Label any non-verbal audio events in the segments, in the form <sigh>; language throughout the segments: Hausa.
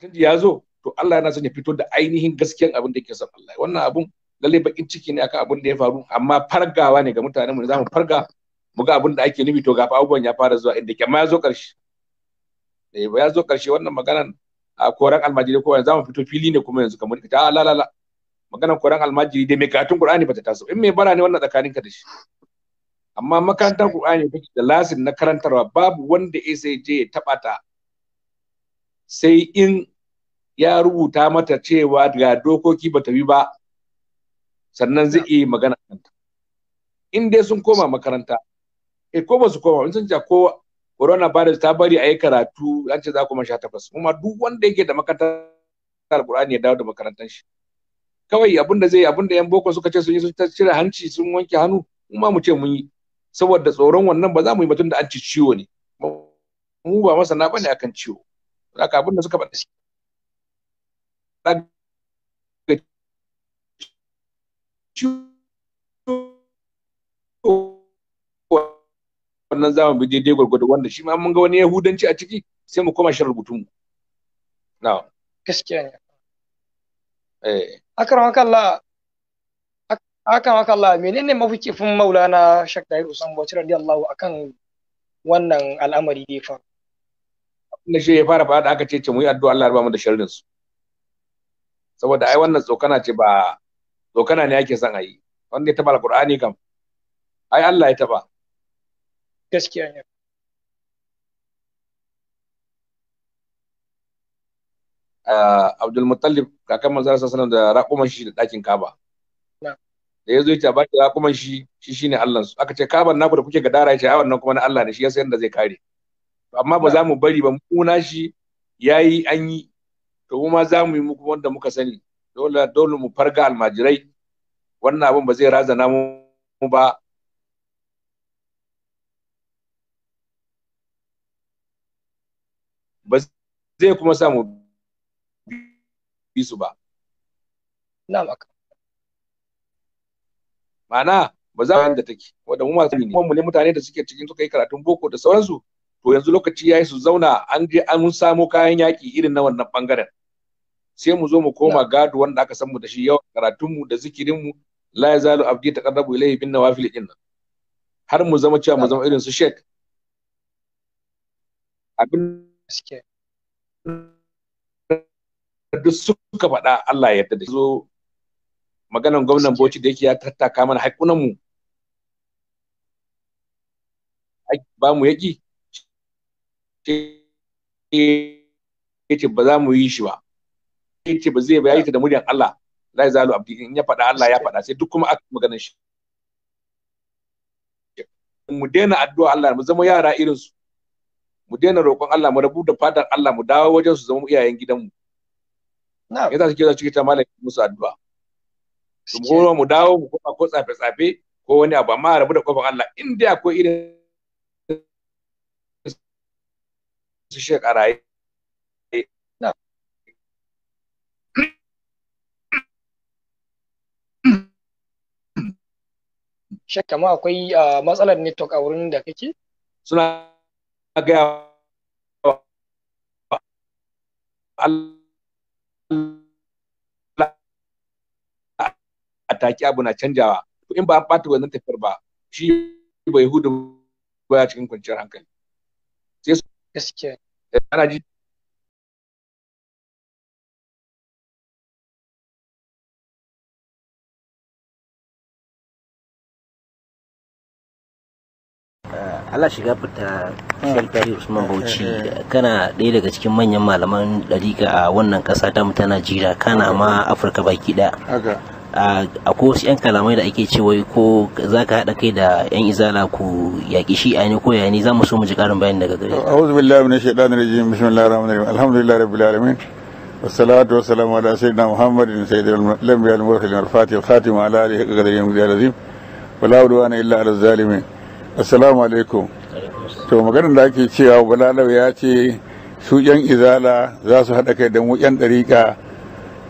canji ya zo to Allah yana son ya fito da ainihin gaskiyan abin da yake son Allah wannan abun lalle bakin ciki ne akan abin da ya faru amma fargawa ne ga mutanen mu zamu farga mu ga abin da ake nufi to ga abubuwan ya fara zuwa inda kyamma ya zo karshe eh ya zo karshe wannan maganan a koran almajiri ko zamu fito fili ne kuma yanzu kamar ta la la la maganan koran almajiri dai mai katun qur'ani ba ta taso in mai bara ne wannan tsakanin ka da shi amma makarantar qur'ani take da lasin na karantarwa babu wanda ya sai je ya taba ta sai in ya rubuta mata cewa ga dokoki ba ta bi ba sannan zai iya magana kanta in dai sun koma makaranta e ko ba su koma in sun ce ko corona virus ta bari a yi karatu an ce za ku sha takwas kuma duk wanda yake da makarantar alqur'ani ya dawo da makarantar shi kawai abin da zai abin da yan boko suka ce sun yi sun cire hanci sun wanke hannu kuma mu ce mun yi saboda tsoron wannan ba za mu yi batun da an ci ciwo ne mu ba masana bane akan ciwo haka abin da suka faɗa wannan zamu bi daidai gwargwado wanda shi ma mun ga wani yahudanci a ciki sai mu koma shi butun mu na gaskiya ne eh akram akalla akan haka Allah menene mafikifin maulana shak dai Usman Bauchi radiyallahu akan wannan al'amari dai fa. faru. shi ya fara faɗa aka ce ce mu yi addu'a Allah ya ba mu da sharrin su. saboda ai wannan tsokana ce ba tsokana ne ake son a yi wanda ya taba alqur'ani kam ai Allah ya taba gaskiya ne Abdul Muttalib kakan manzara sallallahu da raƙuman shi da ɗakin Kaba. Da ya zo ya ba shi raƙuman shi shi shine Allah su. Aka ce Kaban naku da kuke gadara ya ce wannan kuma na Allah ne shi ya san zai kare. Amma ba za mu bari ba mu shi yayi an yi to mu ma za mu yi muku wanda muka sani dole dole mu farga almajirai wannan abin ba zai razana mu ba ba zai kuma sa mu bi su ba ma'ana ba za mu da take wanda mu masu ne mu ne mutane da suke cikin suka yi karatun boko da sauransu to yanzu lokaci yayi su zauna an je an samo kayan yaki irin na wannan bangaren sai mu zo mu koma gado wanda aka san mu da shi yawan karatunmu da zikirinmu la yazalu abdi taqarrabu ilayhi bin nawafil din har mu zama cewa mu zama irin su sheik abin suke duk suka faɗa Allah ya yarda zo maganan gwamnan Bauchi da yake ya tattaka mana haƙunan mu ba mu yaki ce ba za mu yi shi ba ya ce ba zai ba ya yi ta da muryan Allah la yazalu abdi in ya faɗa Allah ya faɗa sai duk kuma aka magana shi mu daina addu'a Allah mu zama yara irin su mu daina roƙon Allah mu rabu da fadar Allah mu dawo wajen su zama iyayen gidanmu na'am yasa suke da cikin ta malami musu addu'a mu goma mu dawo mu koma ko tsafe tsafe ko wani abu amma rabu da kofar Allah in dai akwai irin su shekaraye shakka ma akwai matsalar network a wurin da kake suna gaya a take abu na canjawa to in ba an ɓata wannan tafiyar ba shi bai hudu ba cikin kwanciyar hankali sai su gaskiya ana ji Allah shiga fita hmm. Shelfi Usman eh, Bauchi eh, eh. kana ɗaya daga cikin manyan malaman ɗariƙa a wannan ƙasa ta mu ta Najeriya kana ma Afirka baki ɗaya. Akwai wasu 'yan kalamai da ake cewa ko za ka haɗa kai da 'yan izala ku yaƙi shi a ko ya ne za mu so mu ji ƙarin bayani daga gare. A'udhu billahi minash shaitanir rajim bismillahir rahmanir rahim alhamdulillahi rabbil alamin wassalatu wassalamu ala sayyidina Muhammadin sayyidil anbiya'i wal mursalin al-fatih khatim ala alihi qadri yawmil azim wala udwana illa ala zalimin assalamu alaikum to maganar da ake cewa balalau ya ce su yan izala za su haɗa kai da mu yan ɗariƙa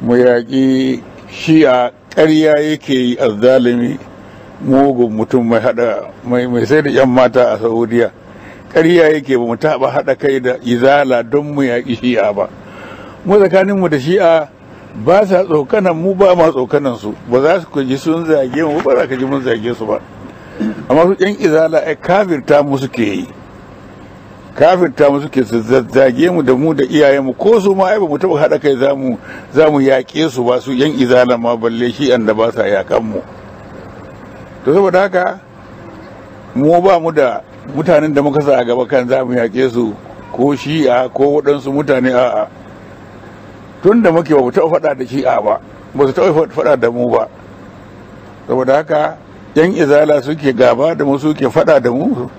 mu yaƙi shi'a ƙarya yake yi azzalimi mugun mutum mai haɗa mai sai da yan mata a saudiya ƙarya yake ba mu taɓa haɗa kai da izala don mu yaƙi shi'a ba mu tsakaninmu da shi'a ba sa tsokanan mu ba ma tsokanan su ba za su ji sun zage mu ba za ka ji mun zage su ba amma su yan izala a kafirta mu suke yi kafirta mu suke su zazzage mu da mu da iyayen mu ko su ma ai ba mu taba hada kai zamu zamu yaƙe su ba su yan izala ma balle shi da ba sa yakan mu to saboda haka mu ba mu da mutanen da muka sa a gaba kan zamu yaƙe su ko shi'a ko waɗansu mutane a'a tun da muke ba mu taɓa faɗa da shi'a ba ba su taɓa faɗa da mu ba saboda haka yan izala suke gaba da mu suke fada da mu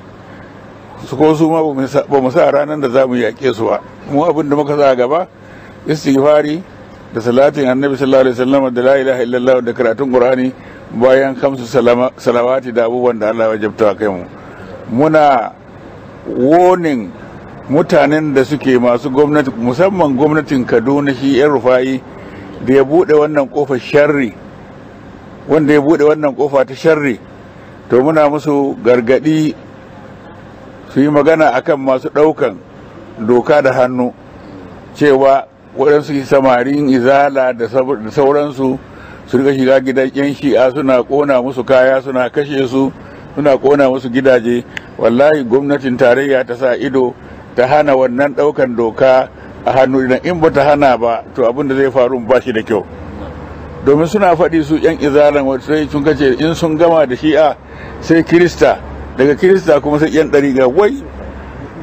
su ko su ma ba mu sa ranar da za mu yaƙe su ba mu abin da muka sa gaba istighfari da salatin annabi sallallahu alaihi wasallam da la ilaha illallah da karatun qur'ani bayan kamsu salawati da abubuwan da Allah ya jabta kai mu muna wonin mutanen da suke masu gwamnati musamman gwamnatin Kaduna shi yan rufayi da ya bude wannan kofar sharri wanda ya bude wannan kofa ta sharri to muna musu gargadi su yi magana akan masu ɗaukan doka da hannu cewa waɗansu samarin izala da sauransu su rika shiga gidan yan shi'a suna kona musu kaya suna kashe su suna kona musu gidaje wallahi gwamnatin tarayya ta sa ido ta hana wannan ɗaukan doka a hannu idan in ba ta hana ba to abin da zai faru ba shi da kyau domin suna faɗi su yan izalan wata sai sun kace in sun gama da shi'a sai kirista daga kirista kuma sai yan ɗariƙa wai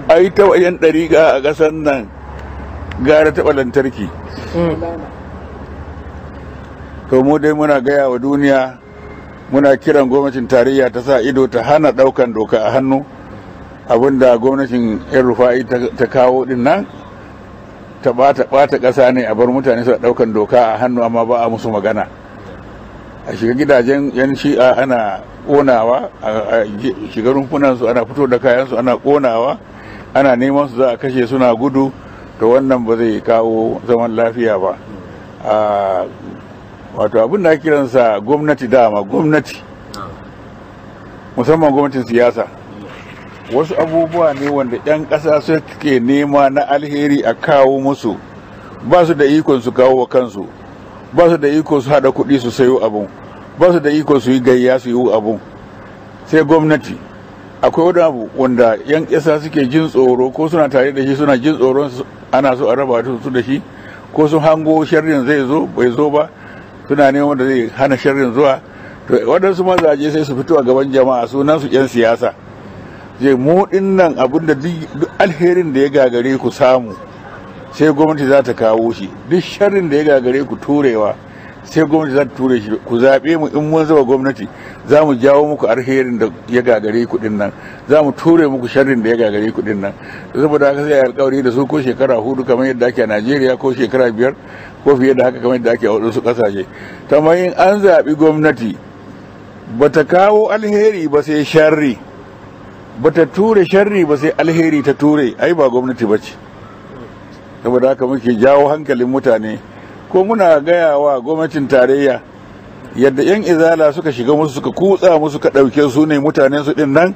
a yi ta yan ɗariƙa a ƙasar nan gara taɓa lantarki to mu dai muna gaya wa duniya muna kiran gwamnatin tarayya ta sa ido ta hana ɗaukan doka a hannu abinda gwamnatin yan rufa'i ta kawo ɗin nan ta bata bata ƙasa ne a bar mutane su ɗaukan doka a hannu amma ba a musu magana a shiga gidajen yan shi'a ana ƙonawa a shiga rumfunan su ana fito da kayan su ana konawa ana neman su za a kashe suna gudu to wannan ba zai kawo zaman lafiya ba wato abin da kiransa gwamnati dama gwamnati musamman gwamnatin siyasa wasu abubuwa ne wanda 'yan ƙasa suke nema na alheri a kawo musu ba su da ikon su kawo wa kansu ba su da iko su haɗa kuɗi su sayo abun ba su da iko su yi gayya su yi abun sai gwamnati akwai wani abu wanda 'yan ƙasa suke jin tsoro ko suna tare da shi suna jin tsoron ana so a raba su da shi ko sun hango sharrin zai zo bai zo ba suna neman wanda zai hana sharrin zuwa To waɗansu mazaje sai su fito a gaban jama'a sunan su 'yan siyasa je mu dinnan abin da duk alherin da ya gagare ku samu sai gwamnati za ta kawo shi duk sharrin da ya gagare ku turewa sai gwamnati za ta ture shi ku zaɓe mu in mun zaba gwamnati za mu jawo muku alherin da ya gagare ku din nan za mu ture muku sharrin da ya gagare ku din nan saboda haka sai alkawari da su ko shekara hudu kamar yadda ake a Najeriya ko shekara biyar ko fiye da haka kamar yadda ake a wasu kasashe kamar in an zaɓi gwamnati bata kawo alheri ba sai sharri ba ta ture sharri ba sai alheri ta ture ai ba gwamnati ba ce saboda haka muke jawo hankalin mutane ko muna gaya wa gwamnatin tarayya yadda yan izala suka shiga musu suka kutsa musu ka ɗauke su ne mutanen su ɗin nan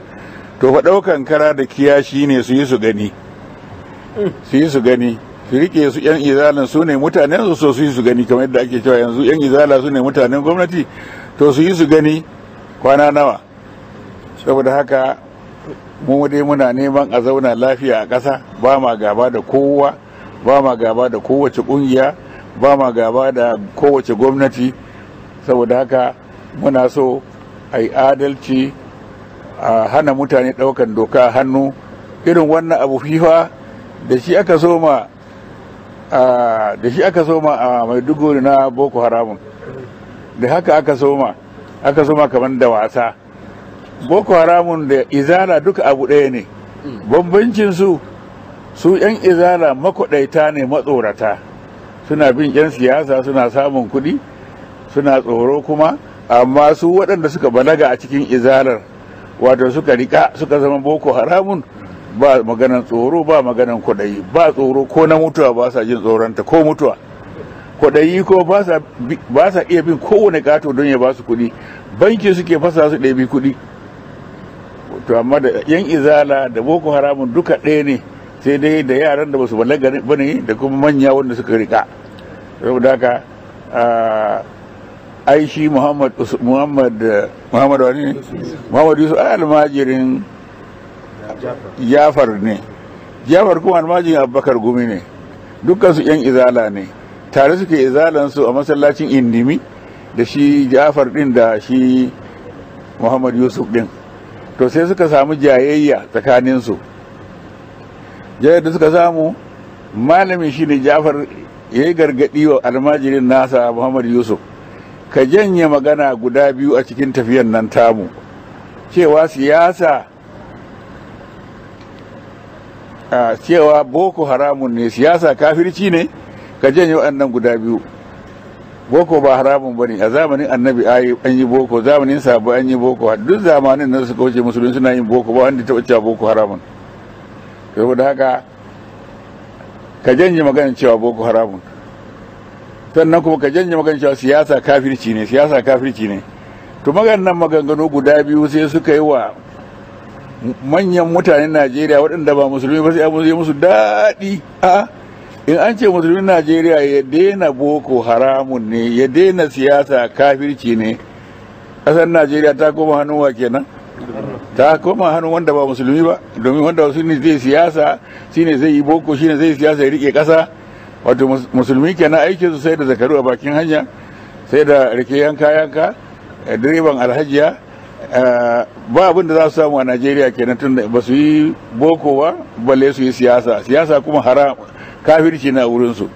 to fa ɗaukan kara da kiyashi ne su yi su gani su yi su gani su rike su yan izalan su ne mutanen su so su yi su gani kamar yadda ake cewa yanzu yan izala su ne mutanen gwamnati to su yi su gani kwana nawa saboda haka mu dai muna neman a zauna lafiya a ƙasa ba ma gaba da kowa ba ma gaba da kowace ƙungiya ba ma gaba da kowace gwamnati saboda haka muna so a yi adalci a hana mutane ɗaukan doka hannu irin wannan abu fifa da shi aka ma da shi aka ma a maiduguri na boko haramun da haka aka ma aka ma kamar da wasa boko haramun da izala duka abu ɗaya ne hmm. bambancin su su yan izala makwaɗaita ne matsorata suna bin yan siyasa suna samun kuɗi suna tsoro kuma amma su waɗanda suka balaga a cikin izalar wato suka rika suka zama boko haramun ba maganan tsoro ba maganan kwaɗayi ba tsoro ko na mutuwa ba sa jin tsoronta ko mutuwa kwaɗayi ko ba sa iya bin kowane ƙato don ya ba su kuɗi banki suke fasa su ɗabi kuɗi to amma da yan izala da boko haramun duka ɗaya ne sai dai da yaran da basu balaga ba ne da kuma manya wanda suka rika saboda haka ah, Aishi shi muhammad muhammad muhammad wani muhammad yusuf almajirin jafar ne jafar kuma almajirin abubakar gumi ne dukkan su yan izala ne tare suke izalan su a masallacin indimi da shi jafar din da shi muhammad yusuf din to sai suka samu jayayya tsakaninsu jayayya suka samu malamin shi ne jafar ya yi gargaɗi wa almajirin nasa muhammad yusuf ka janye magana guda biyu a cikin tafiyan nan tamu cewa siyasa cewa boko haramun ne siyasa kafirci ne ka janye waɗannan guda biyu boko ba haramun bane a zamanin annabi an yi boko zamanin sabu an yi boko duk zamanin nan suka wuce musulmi suna yin boko ba wanda ta wuce boko haramun saboda haka ka janye magana cewa boko haramun sannan kuma ka janye magana cewa siyasa kafirci ne siyasa kafirci ne to maganin maganganu guda biyu sai suka yi wa manyan mutanen najeriya waɗanda ba musulmi ba sai abu zai musu daɗi a in an ce musulmin najeriya ya daina boko haramun ne ya daina siyasa kafirci ne ƙasar najeriya ta koma hannun wa kenan ta koma hannun wanda ba musulmi ba domin wanda wasu ne zai siyasa shine zai yi boko shine zai siyasa ya rike ƙasa wato musulmi kenan aikin su sai da zakaru a bakin hanya sai da rike yanka yanka eh, direban alhajiya eh, ba abin da za su samu a najeriya kenan tun ba su yi boko ba balle su yi siyasa siyasa kuma haram kafirci na wurinsu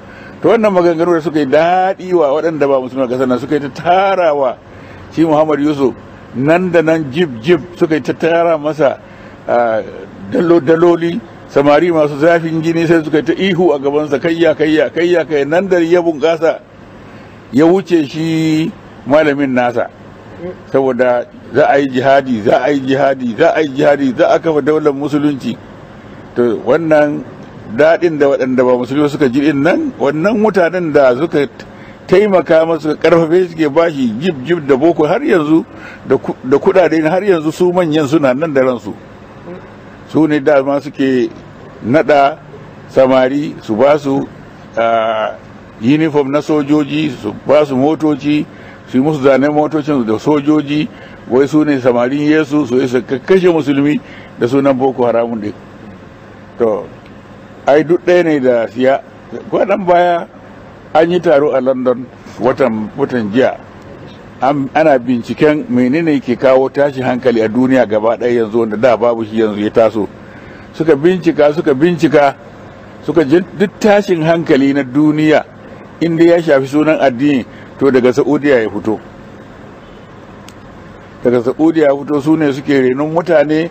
to wannan maganganu da suka yi daɗi wa waɗanda ba musulman ƙasar nan suka yi ta tarawa shi muhammad yusuf nan da nan jib jib suka yi ta tara masa daloli samari masu zafin gini sai suka yi ta ihu a gabansa kayya kayya kayya kai nan da ya bunƙasa ya wuce shi malamin nasa saboda za a yi jihadi za a yi jihadi za a yi jihadi za a kafa daular musulunci to wannan daɗin da waɗanda ba musulmi suka ji ɗin nan wannan mutanen da suka taimaka masu karfafe suke bashi jib jib da boko har yanzu da kudade har yanzu su manyan suna nan da ransu su ne dama suke nada samari su ba su uniform na sojoji su ba su motoci su yi musu zanen motocin da sojoji wai su ne samarin yesu su yi su kakkashe musulmi da sunan boko haramun to ai duk ɗaya ne da siya kwanan baya an yi taro a london watan watan jiya ana binciken menene ke kawo tashi hankali a duniya gaba ɗaya yanzu wanda da babu shi yanzu ya taso suka bincika suka bincika suka duk tashin hankali na duniya inda ya shafi sunan addini to daga saudiya ya fito daga saudiya ya fito su ne suke renon mutane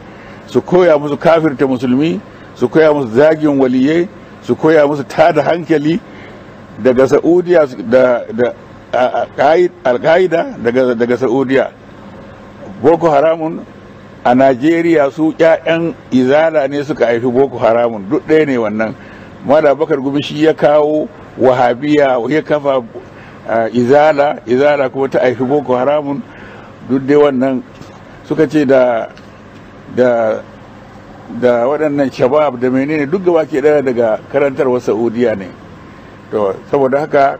su koya musu kafirta musulmi su koya musu zagin waliye su koya musu tada hankali daga saudiya da alkaida daga saudiya boko haramun a najeriya su 'ya'yan izala ne suka haifi boko haramun duk ɗaya ne wannan mada bakar gumi shi ya kawo wahabiya ya kafa izala izala kuma ta haifi boko haramun duk dai wannan suka ce da da waɗannan shabab da menene duk gaba ke ɗaya daga karantarwar saudiya ne to saboda haka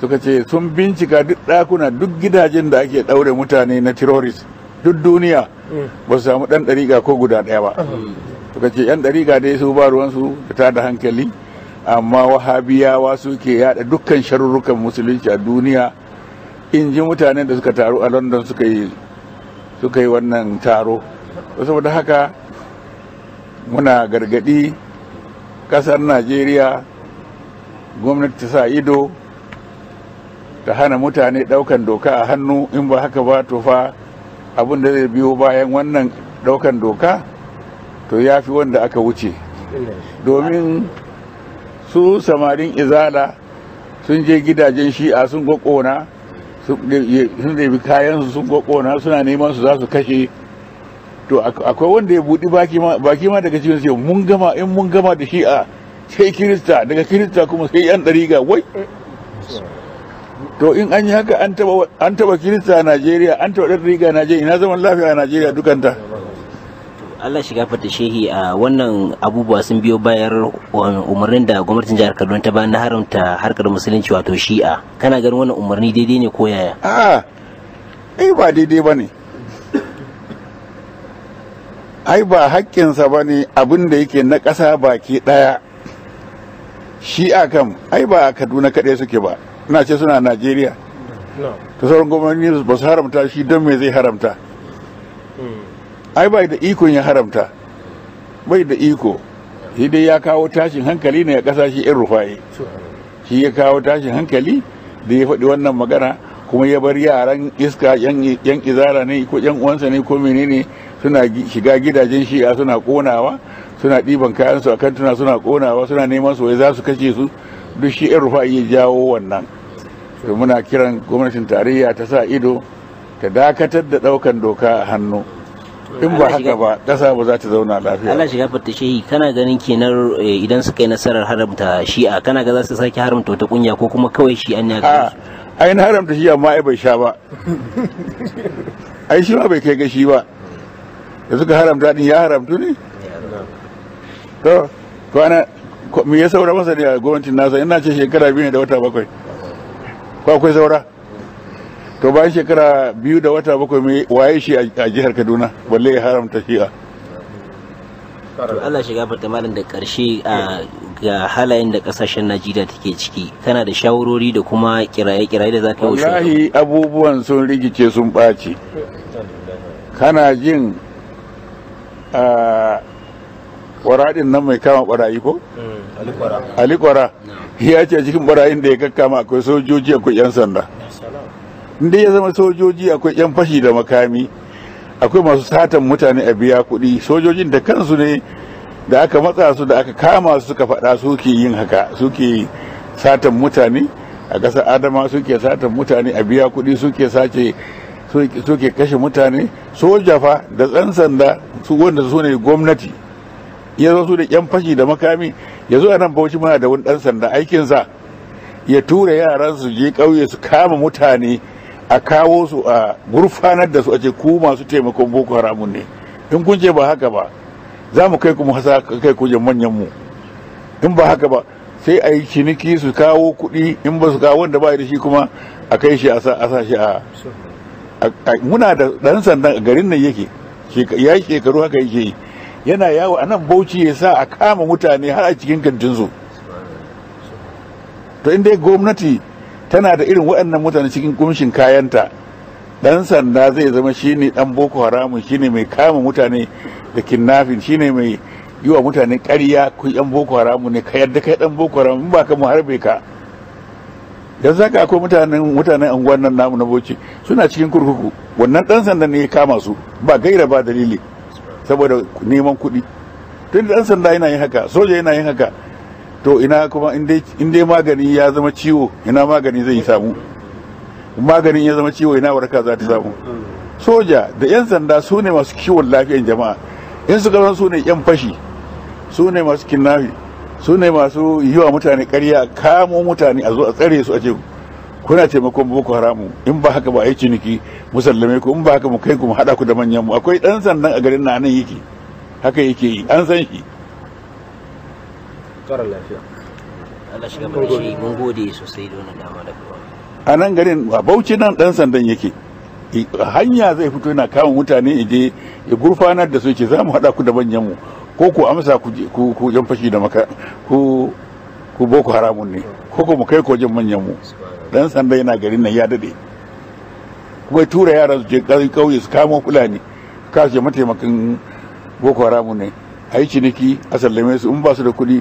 suka ce sun bincika duk ɗakuna duk gidajen da ake ɗaure mutane na terrorist duk duniya ba su samu ɗan ɗariƙa ko guda ɗaya ba suka ce ɗan ɗariƙa dai su ba ruwansu ta da hankali amma wahabiyawa suke yada dukkan sharurrukan musulunci a duniya in ji mutanen da suka taru a london suka yi wannan taro saboda haka muna gargadi kasar najeriya gwamnati ta sa ido ta hana mutane daukan doka a hannu in ba haka ba to fa abin da zai biyo bayan wannan daukan doka to ya fi wanda aka wuce domin su samarin izala sun je gidajen shi'a sun gwakona sun ɗabi kayansu sun gwakona suna neman su za su kashe to akwai wanda ya buɗi baki ma daga cikin siyo, mun gama in mun gama da shi a sai kirista daga kirista kuma sai yan ga wai to in an yi haka an taba kirista a najeriya an taba ɗan riga najeriya ina zaman lafiya a najeriya dukanta Allah shiga fata shehi a wannan abubuwa sun biyo bayar umarnin da gwamnatin jihar Kaduna ta na haramta harkar musulunci wato shi'a kana ganin wannan umarni daidai ne ko yaya a'a eh ba daidai bane ai ba haƙƙinsa ba ne abin da yake na ƙasa baki ɗaya shi a kam ai ba a kaduna kaɗai suke ba ina ce suna najeriya ta sauran gwamnati ba su haramta shi don me zai haramta hmm. ai ba da ikon ya haramta bai da iko shi dai ya kawo tashin hankali ne a ƙasa shi in rufaye shi ya kawo tashin hankali da ya faɗi wannan magana kuma ya bar yaran iska yan izara ne ko yan uwansa ne ko menene suna shiga gidajen shi'a suna konawa suna ɗiban kayansu a kantuna suna konawa suna neman su wai za su kashe su duk shi yan rufa iya jawo wannan to muna kiran gwamnatin tarayya ta sa ido ta dakatar da ɗaukan doka a hannu in ba haka ba ƙasa ba za ta zauna lafiya Allah shiga fata shehi kana ganin kenan eh, idan suka yi nasarar haramta shi'a kana ga za su sake haramta wata kunya ko kuma kawai shi an ya ainihin haramta shi'a ma ai bai sha ba ai shi ma bai kai gashi ba da suka haramta din ya haramtu ne to kwana me ya saura masa ne a gwamnatin nasa ina ce shekara biyu ne da wata bakwai ko akwai saura to bayan shekara biyu da wata bakwai mai waye shi a jihar kaduna balle ya haramta a to Allah shiga fata malam da karshe a ga halayen da kasashen Najeriya take ciki kana da shawarori da kuma kiraye-kiraye da zaka yi wallahi abubuwan sun rigice sun ɓaci kana jin Waraɗin nan mai kama barayi ko? Hmm. alikwara ya ce cikin ɓarayin da ya kakkama akwai sojoji akwai 'yan sanda inda ya zama sojoji akwai 'yan fashi da makami akwai masu satan mutane a biya kuɗi sojojin da kansu ne da aka matsa su da aka kama su suka faɗa suke yin haka suke satan mutane a ƙasar adama suke satan mutane a biya kuɗi suke sace suke kashe mutane soja fa da tsan sanda su wanda su ne gwamnati ya zo su da yan fashi da makami ya zo a nan bauchi muna da wani dan sanda aikinsa ya tura yaran su je ƙauye su kama mutane a kawo su a gurfanar da su a ce ku masu taimakon boko haramun ne in kun ce ba haka ba za mu kai kuma hasa kai kujen manyan mu in ba haka ba sai a yi ciniki su kawo kuɗi in ba su kawo wanda ba da shi kuma a kai shi a sa shi a muna da ɗan sandan garin nan yake ya yi shekaru haka yake yi yana yawo a nan bauchi ya sa a kama mutane har a cikin kantinsu to inda gwamnati tana da irin waɗannan mutane cikin kumshin kayanta ɗan sanda zai zama shi ne ɗan boko haramun ne mai kama mutane da kinnafin ne mai yi wa mutane ƙarya ku ɗan boko haramun ne ka yadda kai ɗan boko haramun ba ka mu harbe ka yanzu haka akwai mutanen mutanen anguwan nan namu na boci suna cikin kurkuku wannan dan sanda ne ya kama su ba gaira ba dalili saboda neman kuɗi tun dan sanda yana yin haka soja yana yin haka to ina kuma in dai magani ya zama ciwo ina magani zai samu magani ya zama ciwo ina warka za ta samu soja da yan sanda su ne masu kiwon lafiyan jama'a in su zama su ne yan fashi su ne masu kinnafi su ne masu yi wa mutane karya kamo mutane a zo a tsare su a ce kuna taimakon boko haramu in ba haka ba a yi ciniki musallame ku in ba haka mu kai ku mu haɗa ku da manyan mu akwai ɗan sandan a garin na nan yake haka yake yi an san shi kara lafiya Allah shiga mun mun gode sosai da wannan da kuma a nan garin a Bauchi nan ɗan sandan yake hanya zai fito yana kama mutane ya je ya gurfanar da su ce za mu haɗa ku da manyan mu ko ku amsa ku ku yan fashi da maka ku boko haramun ne ko ku mu kai kojin manyan mu dan sanda yana garin nan ya dade kuma tura yaran su je kauye su kamo fulani ka kashe mataimakin boko haramun ne a yi ciniki a sallame su in ba su da kuɗi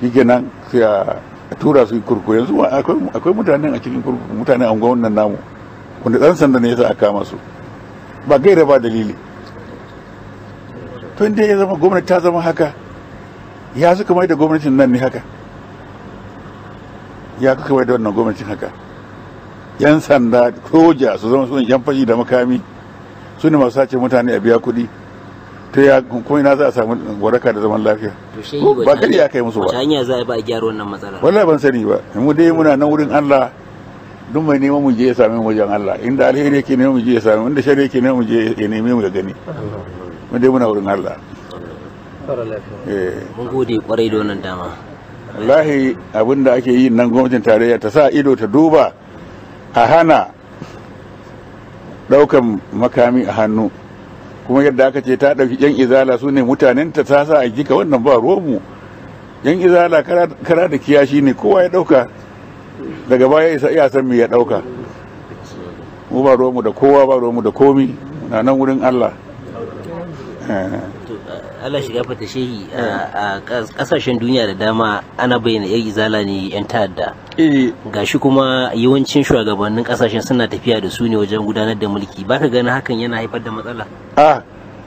shikenan sai a tura su kurkuku yanzu akwai mutanen a cikin kurkuku mutanen anguwan nan namu wanda dan sanda ne yasa a kama su ba gaira ba dalili to inda ya zama gwamnati ta zama haka ya suka mai da gwamnatin nan ne haka ya kuka mai da wannan gwamnatin haka yan sanda soja su zama sun yan fashi da makami su ne masu sace mutane a biya kuɗi ta ya kuma ina za a samu waraka da zaman lafiya ba kari ya kai musu ba wata hanya za a ba a gyara wannan matsala wallahi ban sani ba mu dai muna nan wurin Allah duk mai neman mu je ya sami mu wajen Allah inda alheri yake neman mu je ya same inda shari'a yake neman mu je ya neme mu ga gani mun muna wurin Allah eh. mun gode kwarai da wannan dama wallahi abin da ake yi nan gwamnatin tarayya ta sa ido ta duba a hana daukan makami a hannu kuma yadda aka ce ta ɗauki yan izala su ne mutanen ta sa a jika wannan ba romu yan izala kara da kiyashi ne kowa ya ɗauka daga baya isa iya san me ya ɗauka mu ba romu da kowa ba romu da komi na nan wurin allah Allah shiga fata shehi a kasashen duniya da dama ana bayyana yan izala ne yan ta'adda eh. gashi kuma yawancin shugabannin kasashen suna tafiya da su ne wajen gudanar da mulki ba ka gani hakan yana haifar da matsala a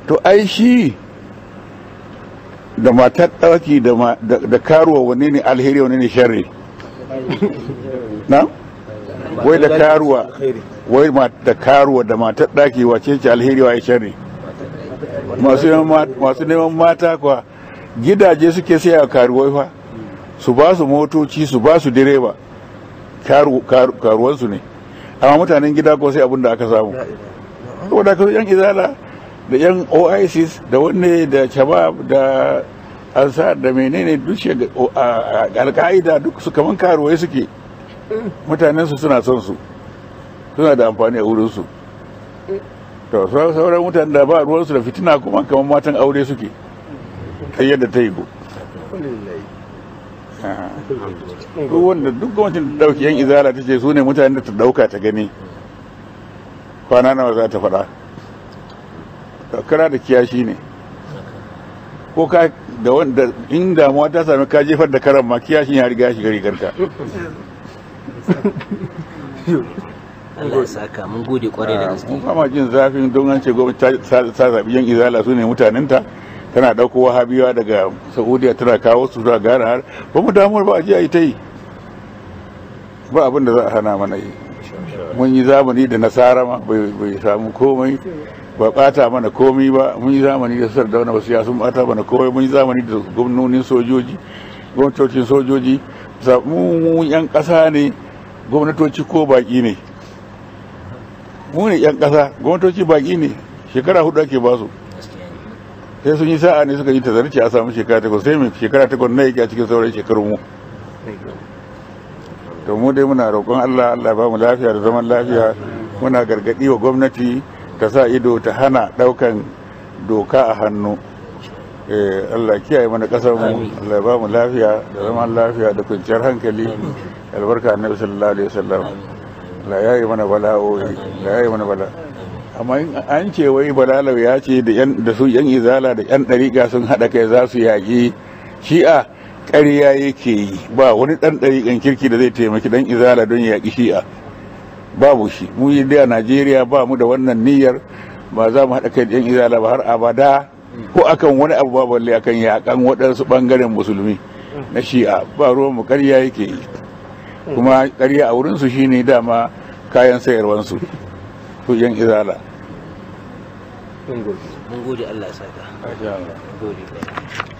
to ai shi da matar ɗauki da karuwa wani ne alheri wani ne sharri na wai da karuwa wai da karuwa da matar ɗaki wace ce alheri wa sharri masu neman mata kuwa gidaje suke sai a karuwai fa su ba su motoci su ba su direba karuwansu ne amma mutanen gida ko sai abinda aka samu saboda ka yan izala da yan oasis da wanne da shabab da ansar da menene duk alka'ida duk su kaman karuwai suke mutanensu suna son su suna da amfani a wurinsu to sauran mutanen da ba ruwansu da fitina kuma kamar matan aure suke ta yadda ta yi go wanda duk gwamnatin da dauki yan izala ta ce su ne mutane da ta dauka ta gani kwana nawa za ta faɗa kara da kiyashi ne ko ka ga wanda in damuwa ta sami ka jefar da karan ma kiyashin ya riga shi gari rigarka <laughs> Allah ya saka mun gode kwarai da ah, gaske mun kama jin zafin don ce gwamnati ta zabi yan izala su ne mutanenta tana dauko wahabiyawa daga saudiya tana kawo su zuwa gara har ba mu damuwar ba a ji a yi ta yi ba abin da za a hana mana yi mun yi zamani da nasara ma bai samu komai ba bata mana komai ba mun yi zamani da sar da wasu sun bata mana komai mun yi zamani da gwamnonin sojoji gwamnatocin sojoji mu yan ƙasa ne gwamnatoci ko baƙi ne mu ne yan kasa gwamnatoci baki ne shekara hudu ake basu sai sun yi sa'a ne suka yi tazarci a samu shekara takwas sai mai shekara takwas na yake a cikin sauran shekaru mu to mu dai muna roƙon Allah Allah ba mu lafiya da zaman lafiya muna gargaɗi wa gwamnati ta sa ido ta hana ɗaukan doka a hannu eh, Allah kiyaye mana ƙasar mu Allah ba mu lafiya da zaman lafiya da kwanciyar hankali albarka annabi sallallahu alaihi wasallam la yayi mana bala'o'i la yayi mana bala amma an ce wai balalau ya ce da su yan izala da yan ɗariƙa sun haɗa kai za su yaƙi shi'a ƙarya yake yi ba wani ɗan ɗariƙan kirki da zai taimaki ɗan izala don yaƙi shi'a babu shi mu yi da najeriya ba mu da wannan niyyar ba za mu haɗa kai da yan izala ba har abada ko akan wani abu ba balle akan yaƙan waɗansu ɓangaren musulmi na shi'a ba ruwan mu ƙarya yake yi kuma ƙarya a wurinsu shi ne dama kayan sayarwansu su yan izala mun gode Allah ya saka